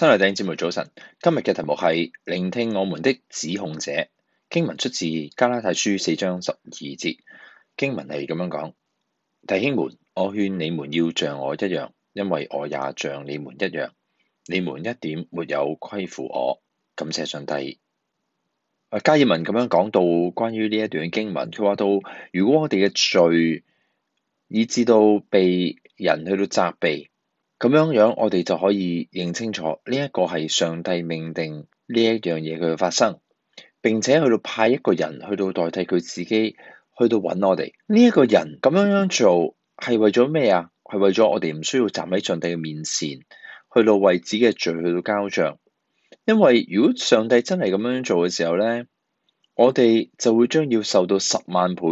新來頂節目早晨，今日嘅題目係聆聽我們的指控者。經文出自加拉太書四章十二節，經文係咁樣講：弟兄們，我勸你們要像我一樣，因為我也像你們一樣，你們一點沒有虧負我，感謝上帝。加爾文咁樣講到關於呢一段經文，佢話到如果我哋嘅罪，以至到被人去到責備。咁樣樣，我哋就可以認清楚，呢一個係上帝命定呢一樣嘢佢會發生。並且去到派一個人去到代替佢自己，去到揾我哋。呢一個人咁樣樣做係為咗咩啊？係為咗我哋唔需要站喺上帝嘅面前，去到為自己嘅罪去到交賬。因為如果上帝真係咁樣樣做嘅時候咧，我哋就會將要受到十萬倍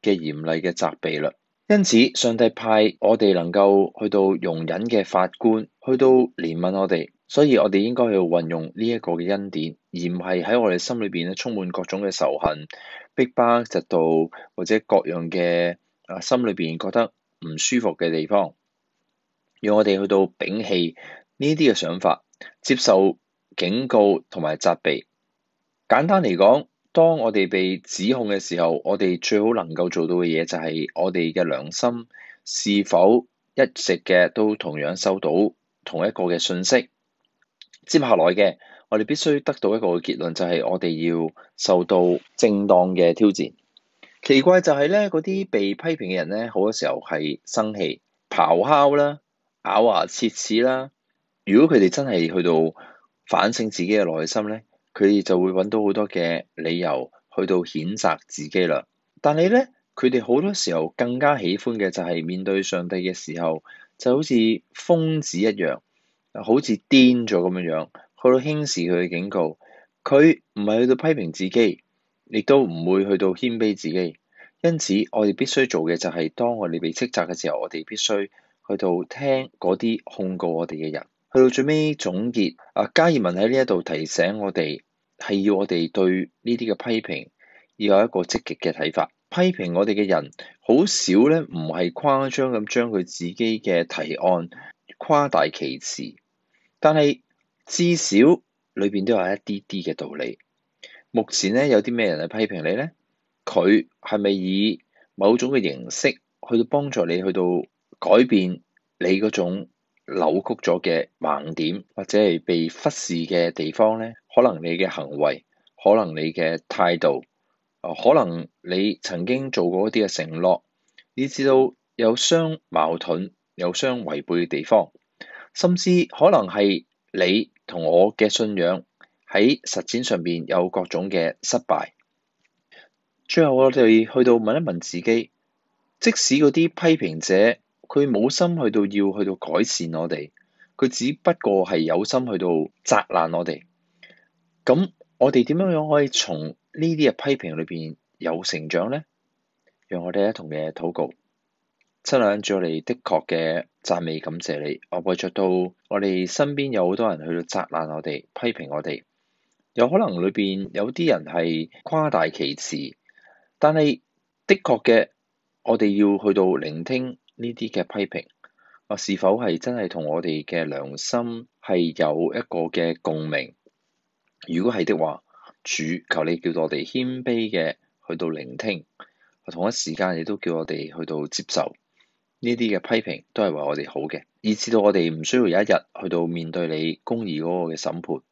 嘅嚴厲嘅責備啦。因此，上帝派我哋能夠去到容忍嘅法官，去到憐憫我哋，所以我哋應該去運用呢一個嘅恩典，而唔係喺我哋心裏邊充滿各種嘅仇恨、逼巴、嫉妒或者各樣嘅心裏邊覺得唔舒服嘅地方，讓我哋去到摒棄呢啲嘅想法，接受警告同埋責備。簡單嚟講。當我哋被指控嘅時候，我哋最好能夠做到嘅嘢就係我哋嘅良心是否一直嘅都同樣收到同一個嘅信息。接下來嘅我哋必須得到一個結論，就係、是、我哋要受到正當嘅挑戰。奇怪就係咧，嗰啲被批評嘅人咧，好多時候係生氣、咆哮啦、咬牙切齒啦。如果佢哋真係去到反省自己嘅內心咧？佢哋就會揾到好多嘅理由去到譴責自己啦。但係咧，佢哋好多時候更加喜歡嘅就係面對上帝嘅時候，就好似瘋子一樣，好似癲咗咁樣樣，去到輕視佢嘅警告。佢唔係去到批評自己，亦都唔會去到謙卑自己。因此，我哋必須做嘅就係當我哋被斥責嘅時候，我哋必須去到聽嗰啲控告我哋嘅人。去到最尾總結，啊，加爾文喺呢一度提醒我哋。係要我哋對呢啲嘅批評要有一個積極嘅睇法。批評我哋嘅人好少咧，唔係誇張咁將佢自己嘅提案誇大其詞，但係至少裏邊都有一啲啲嘅道理。目前咧有啲咩人嚟批評你咧？佢係咪以某種嘅形式去到幫助你去到改變你嗰種？扭曲咗嘅盲點，或者係被忽視嘅地方呢，可能你嘅行為，可能你嘅態度、呃，可能你曾經做過一啲嘅承諾，以至到有相矛盾、有相違背嘅地方，甚至可能係你同我嘅信仰喺實踐上面有各種嘅失敗。最後我哋去到問一問自己，即使嗰啲批評者。佢冇心去到，要去到改善我哋。佢只不過係有心去到責難我哋。咁我哋點樣樣可以從呢啲嘅批評裏邊有成長咧？讓我哋一同嘅禱告。親愛嘅主，我哋的確嘅讚美感謝你。我為着到我哋身邊有好多人去到責難我哋、批評我哋，有可能裏邊有啲人係誇大其詞，但係的確嘅，我哋要去到聆聽。呢啲嘅批評，我是否係真係同我哋嘅良心係有一個嘅共鳴？如果係的話，主求你叫我哋謙卑嘅去到聆聽，同一時間亦都叫我哋去到接受呢啲嘅批評，都係為我哋好嘅，以至到我哋唔需要有一日去到面對你公義嗰個嘅審判，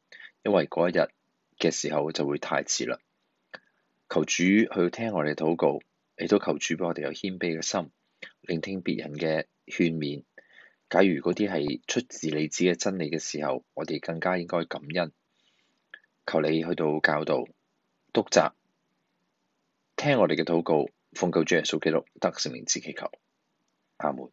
因為嗰一日嘅時候就會太遲啦。求主去聽我哋嘅禱告，你都求主俾我哋有謙卑嘅心。聆聽別人嘅勸勉，假如嗰啲係出自你自己嘅真理嘅時候，我哋更加應該感恩。求你去到教導督責，聽我哋嘅禱告，奉救主耶穌基督得聖名之祈求。阿門。